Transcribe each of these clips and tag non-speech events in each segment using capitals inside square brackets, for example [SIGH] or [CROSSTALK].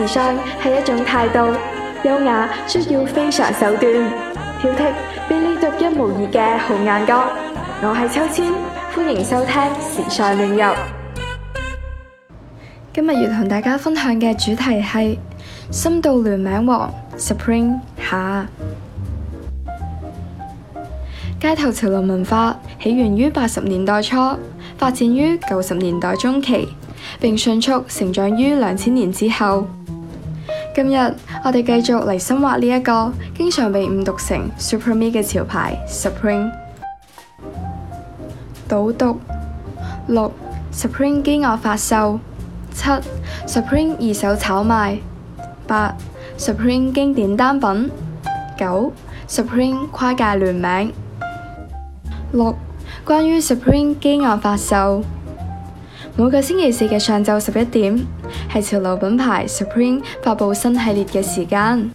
時尚係一種態度，優雅需要非常手段，挑剔，俾你獨一無二嘅好眼光。我係秋千，歡迎收聽時尚亂入。今日要同大家分享嘅主題係深度聯名王 Supreme 下。街頭潮流文化起源於八十年代初，發展於九十年代中期，並迅速成長於兩千年之後。今日我哋繼續嚟深挖呢一個經常被誤讀成 Superme 嘅潮牌 Supreme。導讀、六 Supreme 饑餓發售，七 Supreme 二手炒賣，八 Supreme 經典單品，九 Supreme 跨界聯名。六關於 Supreme 饑餓發售，每個星期四嘅上晝十一點。係潮流品牌 Supreme 發佈新系列嘅時間，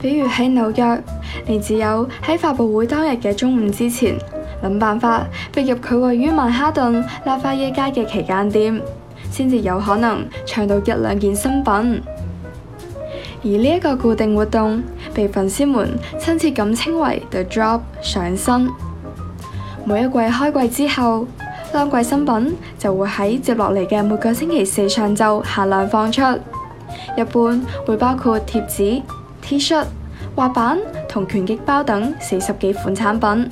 比如喺紐約，你只有喺發佈會當日嘅中午之前，諗辦法逼入佢位於曼哈頓拉法耶街嘅旗艦店，先至有可能搶到一兩件新品。而呢一個固定活動被粉絲們親切咁稱為 The Drop 上新，每一季開季之後。當季新品就會喺接落嚟嘅每個星期四上晝限量放出，一般會包括貼紙、T 恤、滑板同拳擊包等四十幾款產品。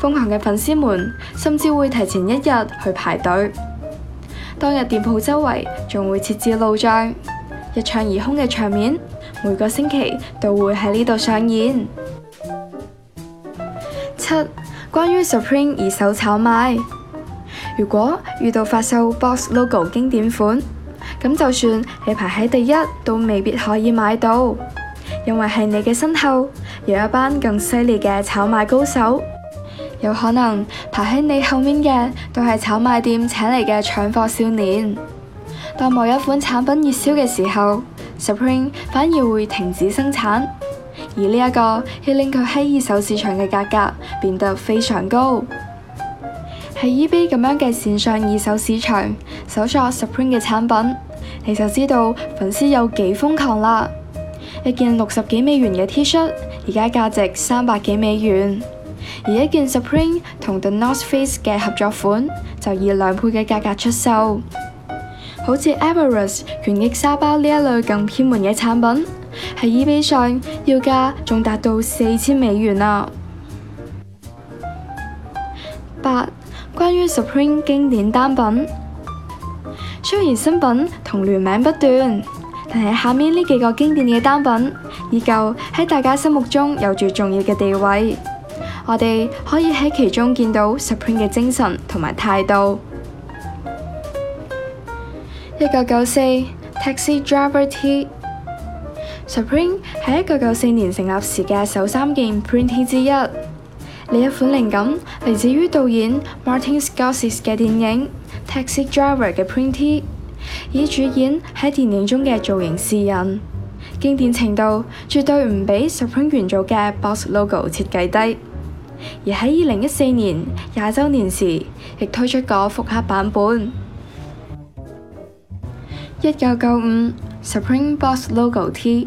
瘋狂嘅粉絲們甚至會提前一日去排隊，當日店鋪周圍仲會設置路障，一搶而空嘅場面每個星期都會喺呢度上演。七，關於 Supreme 二手炒賣。如果遇到發售 Box Logo 經典款，咁就算你排喺第一，都未必可以買到，因為喺你嘅身後有一班更犀利嘅炒賣高手，有可能排喺你後面嘅都係炒賣店請嚟嘅搶貨少年。當某一款產品熱銷嘅時候，Supreme 反而會停止生產，而呢一個係令佢喺二手市場嘅價格變得非常高。喺 eBay 咁樣嘅線上二手市場搜索 Supreme 嘅產品，你就知道粉絲有幾瘋狂啦。一件六十幾美元嘅 T 恤，而家價值三百幾美元；而一件 Supreme 同 The North Face 嘅合作款，就以兩倍嘅價格出售。好似 Everest 拳擊沙包呢一類更偏門嘅產品，喺 eBay 上要價仲達到四千美元啦。八。關於 Supreme 經典單品，雖然新品同聯名不斷，但係下面呢幾個經典嘅單品依舊喺大家心目中有住重要嘅地位。我哋可以喺其中見到 Supreme 嘅精神同埋態度。一九九四，Taxi Driver T，Supreme 係一九九四年成立時嘅首三件 Print T 之一。呢一款靈感嚟自於導演 Martin Scorsese 嘅電影《Taxi Driver》嘅 Print T，以主演喺電影中嘅造型示人。經典程度絕對唔比 Supreme 元祖嘅 Box Logo 設計低。而喺二零一四年廿週年時，亦推出過復刻版本。一九九五 Supreme Box Logo T。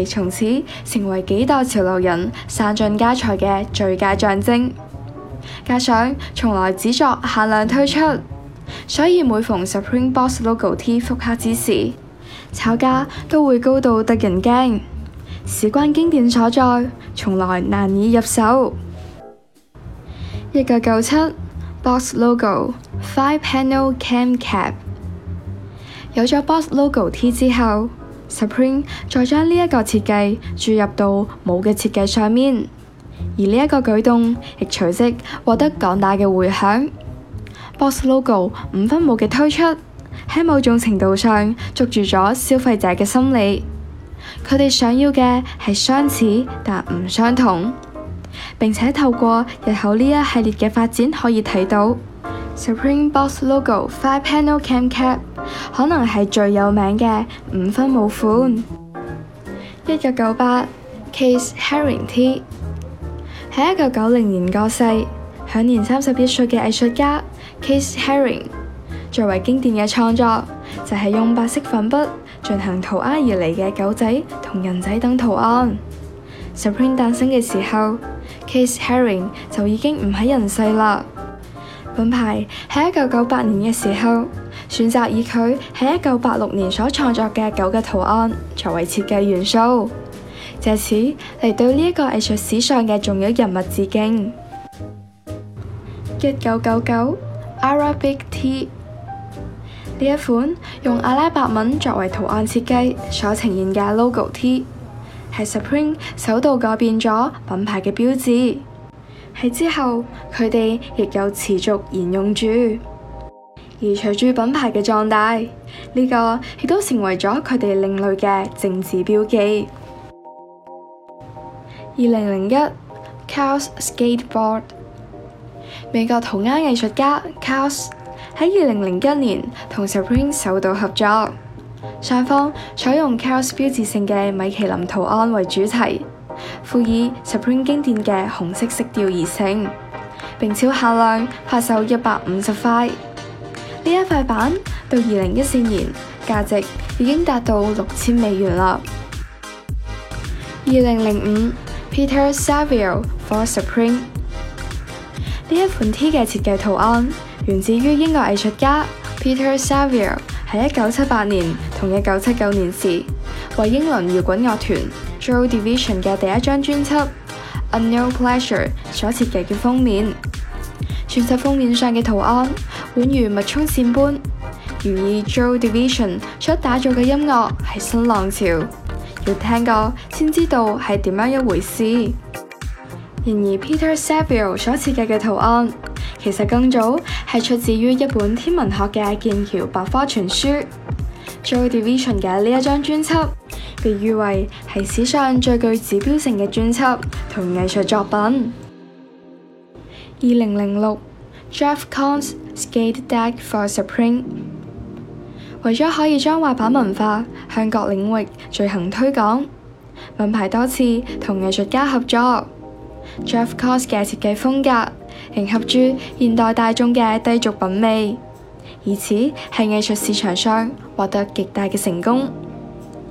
亦從此成為幾代潮流人散盡家財嘅最佳象徵，加上從來只作限量推出，所以每逢 Supreme Box Logo T 復刻之時，炒價都會高到得人驚。事關經典所在，從來難以入手。一九九七 Box Logo Five Panel Cam Cap，有咗 Box Logo T 之後。Supreme 再將呢一個設計注入到帽嘅設計上面，而呢一個舉動亦隨即獲得廣大嘅回響。Box Logo 五分帽嘅推出喺某種程度上捉住咗消費者嘅心理，佢哋想要嘅係相似但唔相同，並且透過日後呢一系列嘅發展可以睇到。Supreme Boss Logo Five Panel Cam Cap，可能係最有名嘅五分冇款。一九九八 k a s e Herring T，喺一九九零年過世，享年三十一歲嘅藝術家 k a s e Herring，最為經典嘅創作就係、是、用白色粉筆進行塗鴉而嚟嘅狗仔同人仔等圖案。Supreme 誕生嘅時候 k a s e Herring 就已經唔喺人世啦。品牌喺一九九八年嘅時候，選擇以佢喺一九八六年所創作嘅狗嘅圖案作為設計元素，借此嚟對呢一個藝術史上嘅重要人物致敬。一九九九，Arabic T 呢一款用阿拉伯文作為圖案設計所呈現嘅 logo T，係 Supreme 首度改變咗品牌嘅標誌。喺之後，佢哋亦有持續沿用住，而隨住品牌嘅壯大，呢、這個亦都成為咗佢哋另類嘅政治標記。二零零一，KAWS Skateboard，美國塗鴉藝術家 KAWS 喺二零零一年同 Supreme 首度合作，雙方採用 KAWS 標誌性嘅米其林圖案為主題。輔以 Supreme 經典嘅紅色色調而成，並超限量，發售一百五十塊。呢一塊版到二零一四年，價值已經達到六千美元啦。二零零五，Peter Saville for Supreme。呢一款 T 嘅設計圖案，源自於英國藝術家 Peter Saville，喺一九七八年同一九七九年時，為英倫搖滾樂團，Joe Division 嘅第一張專輯《A New Pleasure》所設計嘅封面，專輯封面上嘅圖案，宛如脈衝線般。然而 Joy Division 所打造嘅音樂係新浪潮，要聽過先知道係點樣一回事。然而 Peter Saville 所設計嘅圖案，其實更早係出自於一本天文學嘅劍橋百科全書。Joy Division 嘅呢一張專輯。被譽為係史上最具指標性嘅專輯同藝術作品。二零零六，Jeff Koons Skate Deck for Supreme，為咗可以將滑板文化向各領域進行推廣，品牌多次同藝術家合作。Jeff Koons 嘅設計風格迎合住現代大眾嘅低俗品味，以此喺藝術市場上獲得極大嘅成功。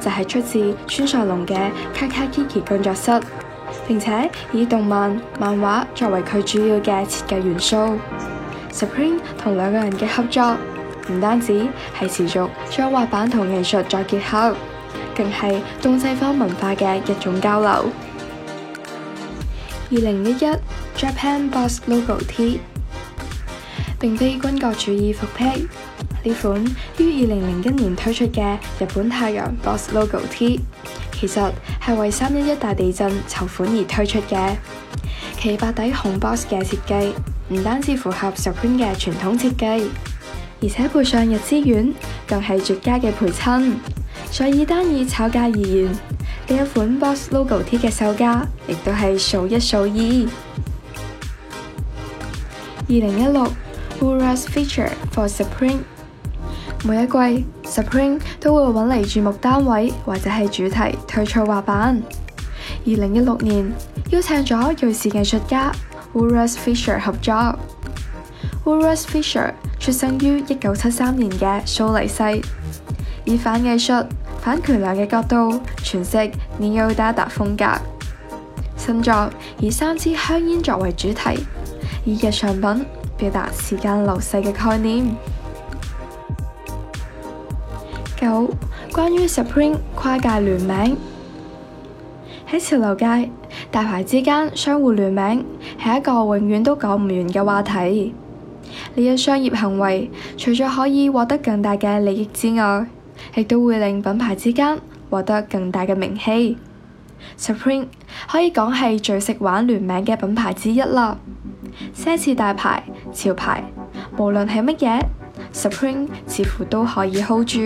就係出自村上隆嘅 Kaikai Kiki 工作室，並且以動漫漫畫作為佢主要嘅設計元素。Supreme 同兩個人嘅合作，唔單止係持續將畫板同藝術再結合，更係東西方文化嘅一種交流。二零一一 Japan Box Logo T，並非軍國主義復辟。呢款於二零零一年推出嘅日本太陽 Boss Logo T，ee, 其實係為三一一大地震籌款而推出嘅。其白底紅 Boss 嘅設計，唔單止符合 Supreme 嘅傳統設計，而且配上日之丸，更係絕佳嘅陪襯。所以單以炒價而言，呢一款 Boss Logo T 嘅售價，亦都係數一數二。二零一六，Ura's Feature for Supreme。每一季 Supreme 都會揾嚟注目單位或者係主題推出畫板。二零一六年邀請咗瑞士藝術家 Urs Fischer 合作。Urs Fischer 出生於一九七三年嘅蘇黎世，以反藝術、反權量嘅角度詮釋 Neo-Dada 風格。新作以三支香煙作為主題，以日常品表達時間流逝嘅概念。九關於 Supreme 跨界聯名。喺潮流界，大牌之間相互聯名係一個永遠都講唔完嘅話題。你嘅商業行為，除咗可以獲得更大嘅利益之外，亦都會令品牌之間獲得更大嘅名氣。Supreme 可以講係最識玩聯名嘅品牌之一啦。奢侈大牌、潮牌，無論係乜嘢，Supreme 似乎都可以 hold 住。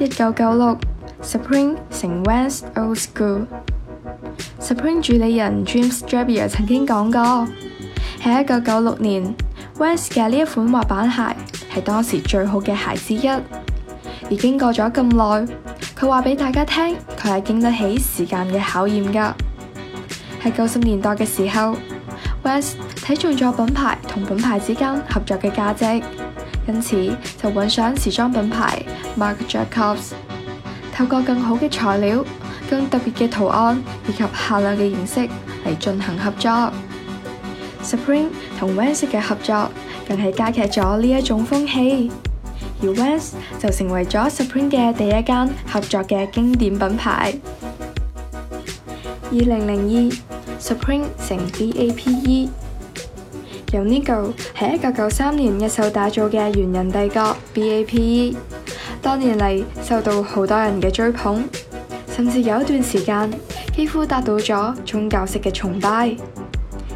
一九九六，Supreme 成 Vans Old School。Supreme 主理人 James Jabier 曾經講過，喺一九九六年，Vans 嘅呢一款滑板鞋係當時最好嘅鞋之一。而經過咗咁耐，佢話俾大家聽，佢係經得起時間嘅考驗噶。喺九十年代嘅時候，Vans 睇重咗品牌同品牌之間合作嘅價值。因此就揾上時裝品牌 Marc Jacobs，透過更好嘅材料、更特別嘅圖案以及限量嘅形式嚟進行合作。Supreme 同 Vans 嘅合作更係加劇咗呢一種風氣，而 Vans 就成為咗 Supreme 嘅第一間合作嘅經典品牌。二零零二，Supreme 成 Bape。由 NIGO 喺一九九三年一手打造嘅猿人帝國 Bape，多年嚟受到好多人嘅追捧，甚至有一段時間幾乎達到咗宗教式嘅崇拜。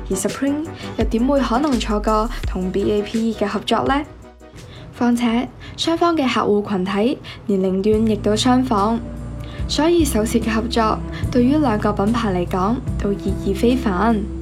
而 Supreme 又點會可能錯過同 Bape 嘅合作呢？況且雙方嘅客戶群體年齡段亦都相仿，所以首次嘅合作對於兩個品牌嚟講都意義非凡。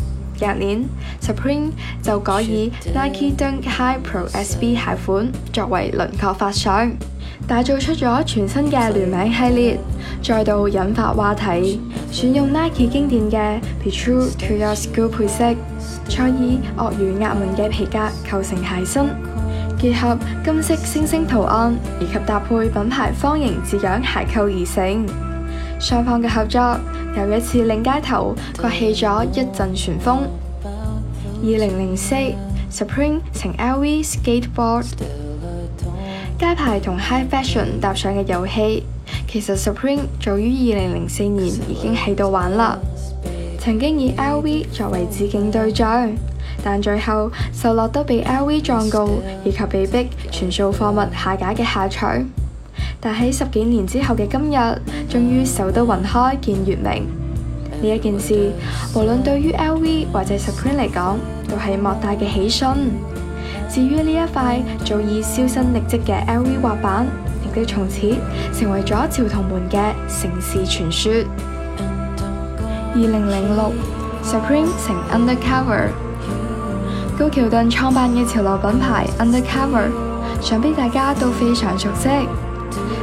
近年，Supreme 就改以 Nike Dunk High Pro SB 鞋款作為輪廓發想，打造出咗全新嘅聯名系列，再度引發話題。選用 Nike 經典嘅 Be True To Your School 配色，再以鱷魚壓紋嘅皮革構成鞋身，結合金色星星圖案，以及搭配品牌方形字樣鞋扣而成。雙方嘅合作。有一次令街頭刮起咗一陣旋風。二零零四，Supreme 乘 LV Skateboard 街牌同 High Fashion 搭上嘅遊戲，其實 Supreme 早於二零零四年已經喺度玩啦。曾經以 LV 作為致敬對象，但最後受落都被 LV 狀告，以及被逼全數貨物下架嘅下場。但喺十幾年之後嘅今日，終於守得雲開見月明。呢一件事，無論對於 LV 或者 Supreme 嚟講，都係莫大嘅喜訊。至於呢一塊早已銷聲匿跡嘅 LV 滑板，亦都從此成為咗潮童們嘅城市傳説。二零零六，Supreme 成 Undercover，高橋盾創辦嘅潮流品牌 Undercover，想必大家都非常熟悉。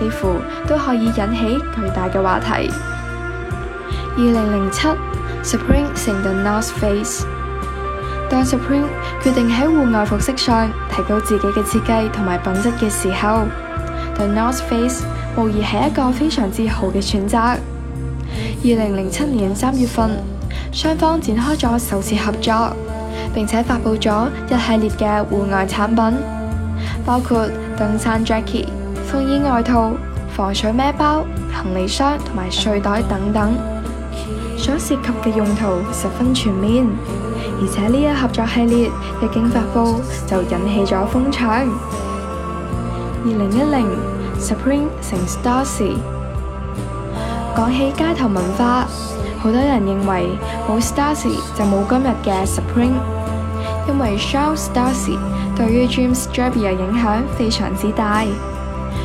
幾乎都可以引起巨大嘅話題。二零零七，Supreme 成 The North Face。當 Supreme 決定喺戶外服飾上提高自己嘅設計同埋品質嘅時候，The North Face 無疑係一個非常自豪嘅選擇。二零零七年三月份，雙方展開咗首次合作，並且發布咗一系列嘅戶外產品，包括登山 jacket 風衣外套、防水孭包、行李箱同埋睡袋等等，所涉及嘅用途十分全面。而且呢一合作系列一經發佈就引起咗風潮。二零一零，Supreme 成 Starsy。講起街頭文化，好多人認為冇 Starsy 就冇今日嘅 Supreme，因為 Charles Starsy 對於 James Jebbia 影響非常之大。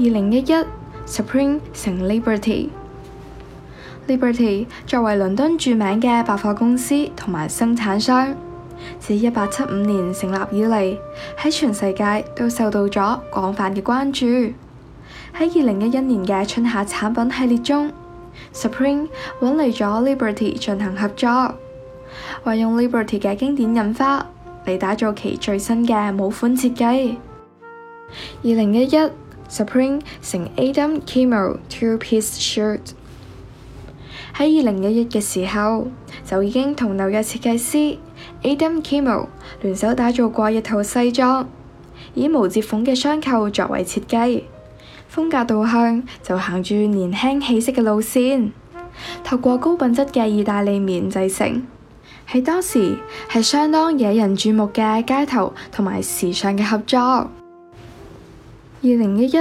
二零一一 Supreme 成 Liberty，Liberty 作為倫敦著名嘅百貨公司同埋生產商，自一八七五年成立以嚟，喺全世界都受到咗廣泛嘅關注。喺二零一一年嘅春夏產品系列中，Supreme 揾嚟咗 Liberty 進行合作，運用 Liberty 嘅經典印花嚟打造其最新嘅帽款設計。二零一一 Supreme 成 Adam Kimmel Two-Piece Shirt 喺二零一一嘅時候，就已經同紐約設計師 Adam Kimmel 聯手打造過一套西裝，以無接縫嘅雙扣作為設計風格，導向就行住年輕氣息嘅路線，透過高品質嘅意大利棉製成，喺當時係相當惹人注目嘅街頭同埋時尚嘅合作。二零一一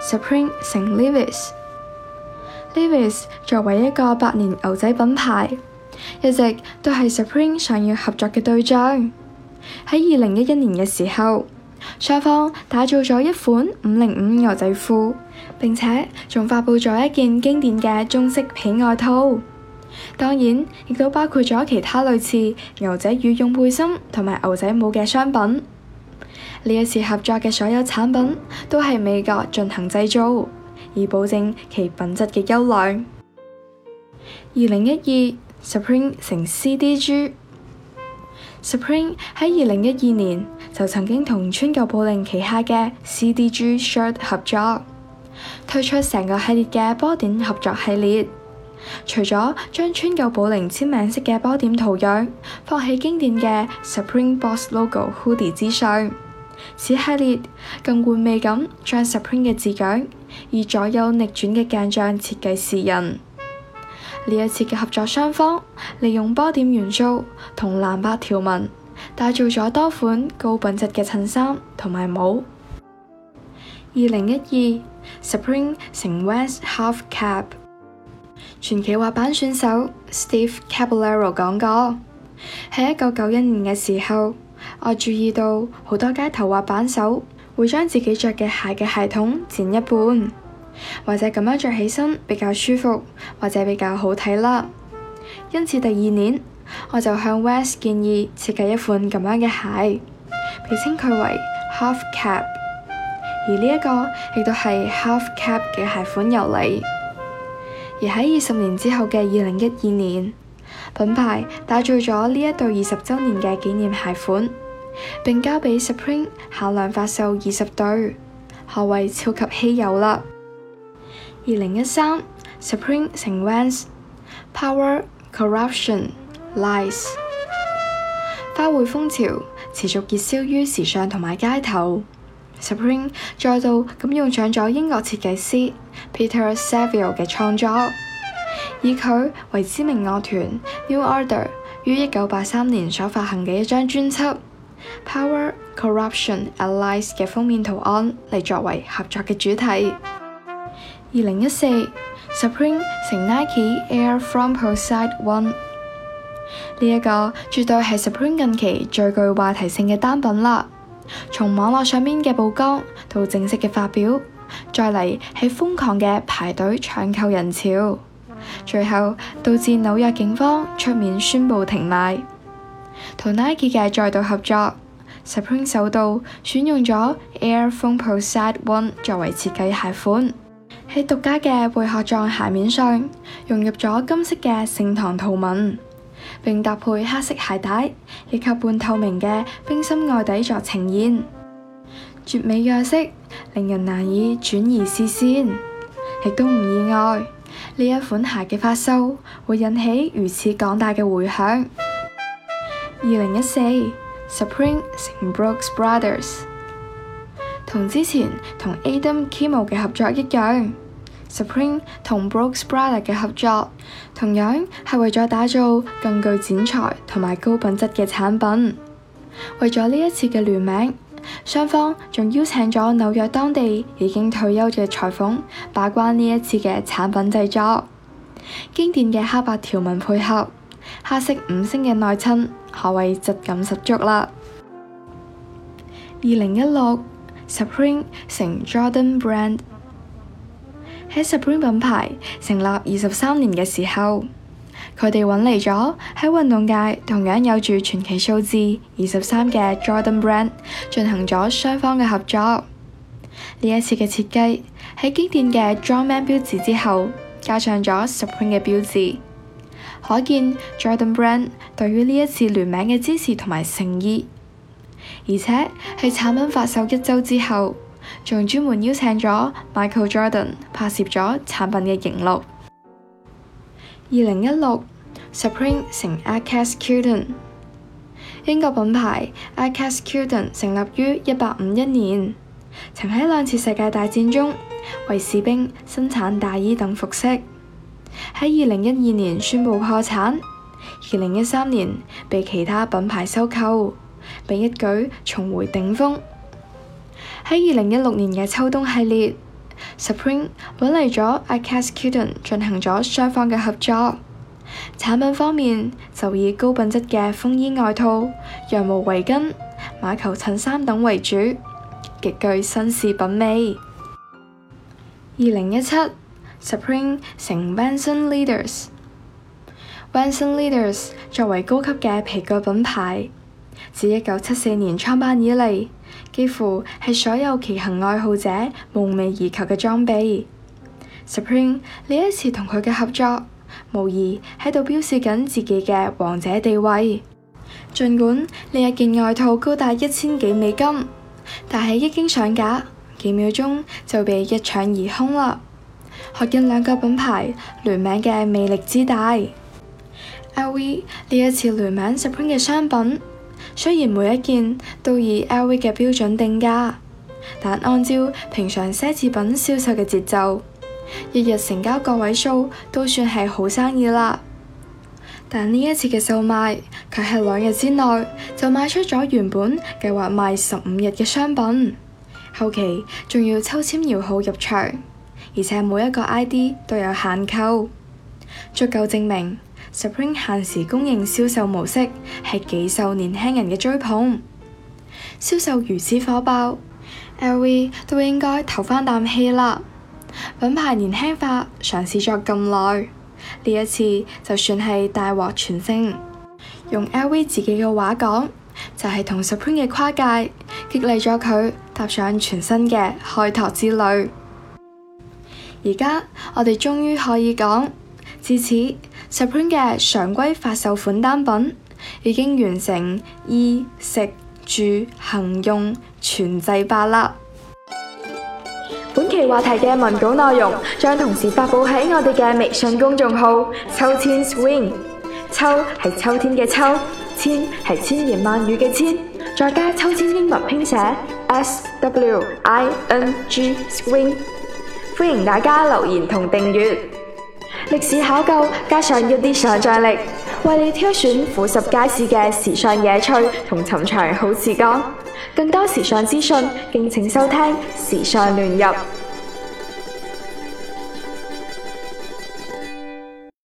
，Supreme 成 Levis。Levis 作為一個百年牛仔品牌，一直都係 Supreme 想要合作嘅對象。喺二零一一年嘅時候，雙方打造咗一款五零五牛仔褲，並且仲發佈咗一件經典嘅棕色皮外套。當然，亦都包括咗其他類似牛仔羽絨背心同埋牛仔帽嘅商品。呢一次合作嘅所有產品都係美國進行製造，以保證其品質嘅優良。二零一二，Supreme 成 CDG。Supreme 喺二零一二年就曾經同川久保玲旗下嘅 CDG Shirt 合作，推出成個系列嘅波點合作系列。除咗將川久保玲簽名式嘅波點圖樣放喺經典嘅 Supreme Boss Logo Hoodie 之上。此系列更玩味咁將 Supreme 嘅字樣以左右逆轉嘅鏡像設計示人。呢一次嘅合作雙方利用波點元素同藍白條紋，打造咗多款高品質嘅襯衫同埋帽。二零一二，Supreme 成 Vans Half Cab 傳奇滑板選手 Steve Caballero 講過：喺一九九一年嘅時候。我注意到好多街頭滑板手會將自己著嘅鞋嘅鞋筒剪一半，或者咁樣著起身比較舒服，或者比較好睇啦。因此第二年，我就向 West 建議，設計一款咁樣嘅鞋，被稱佢為 Half Cap 而 half。而呢一個亦都係 Half Cap 嘅鞋款由嚟。而喺二十年之後嘅二零一二年。品牌打造咗呢一對二十周年嘅紀念鞋款，並交畀 Supreme 限量發售二十對，可謂超級稀有啦。二零一三，Supreme 成 Vans，Power，Corruption，Lies。花卉風潮持續熱銷於時尚同埋街頭，Supreme 再度咁用上咗英國設計師 Peter Saville 嘅創作。以佢為知名樂團 New Order 於一九八三年所發行嘅一張專輯《Power, Corruption & Lies》嘅封面圖案嚟作為合作嘅主題。二零一四 Supreme 成 Nike Air Foamposite One 呢一個絕對係 Supreme 近期最具話題性嘅單品啦。從網絡上面嘅曝光到正式嘅發表，再嚟係瘋狂嘅排隊搶購人潮。最後導致紐約警方出面宣布停賣，同 Nike 嘅再度合作，Supreme 首度選用咗 Air Foamposite One 作為設計鞋款，喺獨 [MUSIC] 家嘅貝殼狀鞋面上融入咗金色嘅聖堂圖紋，並搭配黑色鞋帶，以及半透明嘅冰心外底作呈現，絕美樣色令人難以轉移視線，亦都唔意外。呢一款鞋嘅發售會引起如此廣大嘅回響。二零一四，Supreme 成 Brooks Brothers，同之前同 Adam Kimo 嘅合作一樣，Supreme 同 Brooks Brothers 嘅合作同樣係為咗打造更具剪裁同埋高品質嘅產品。為咗呢一次嘅聯名，雙方仲邀請咗紐約當地已經退休嘅裁縫把關呢一次嘅產品製作，經典嘅黑白條紋配合黑色五星嘅內襯，可謂質感十足啦。二零一六，Supreme 成 Jordan Brand 喺 Supreme 品牌成立二十三年嘅時候，佢哋揾嚟咗喺運動界同樣有住傳奇數字二十三嘅 Jordan Brand 進行咗雙方嘅合作。呢一次嘅設計喺經典嘅 Jordan 標誌之後，加上咗 Supreme 嘅標誌，可見 Jordan Brand 對於呢一次聯名嘅支持同埋誠意。而且喺產品發售一周之後，仲專門邀請咗 Michael Jordan 拍攝咗產品嘅影錄。二零一六 Supreme 成 Aquascutum。英國品牌 Aquascutum 成立於一八五一年，曾喺兩次世界大戰中為士兵生產大衣等服飾。喺二零一二年宣布破產，二零一三年被其他品牌收購，並一舉重回頂峰。喺二零一六年嘅秋冬系列。Supreme 揾嚟咗 Acadsketon 進行咗雙方嘅合作，產品方面就以高品質嘅風衣外套、羊毛圍巾、馬球襯衫等為主，極具紳士品味。二零一七，Supreme 成 Vanson Leaders。Vanson Leaders 作為高級嘅皮具品牌，自一九七四年創辦以嚟。幾乎係所有騎行愛好者夢寐以求嘅裝備。Supreme 呢一次同佢嘅合作，無疑喺度標示緊自己嘅王者地位。儘管呢一件外套高達一千幾美金，但係一經上架幾秒鐘就被一搶而空啦。學緊兩個品牌聯名嘅魅力之大，LV 呢 [MUSIC] 一次聯名 Supreme 嘅商品。雖然每一件都以 LV 嘅標準定價，但按照平常奢侈品銷售嘅節奏，日日成交個位數都算係好生意啦。但呢一次嘅售賣，佢喺兩日之內就賣出咗原本計劃賣十五日嘅商品，後期仲要抽籤搖號入場，而且每一個 ID 都有限購，足夠證明。Supreme 限時供應銷售模式係幾受年輕人嘅追捧，銷售如此火爆，LV 都應該投返啖氣啦！品牌年輕化嘗試咗咁耐，呢一次就算係大獲全勝。用 LV 自己嘅話講，就係、是、同 Supreme 嘅跨界激勵咗佢踏上全新嘅開拓之旅。而家我哋終於可以講，至此。Supreme 嘅常規發售款單品已經完成衣食住行用全制霸啦！本期話題嘅文稿內容將同時發布喺我哋嘅微信公眾號“秋千 swing”，秋係秋天嘅秋，千係千言萬語嘅千，再加秋千英文拼寫 S W I N G swing，歡迎大家留言同訂閱。歷史考究加上一啲想象力，為你挑選俯拾皆是嘅時尚野趣同尋常好時光。更多時尚資訊，敬請收聽《時尚亂入》。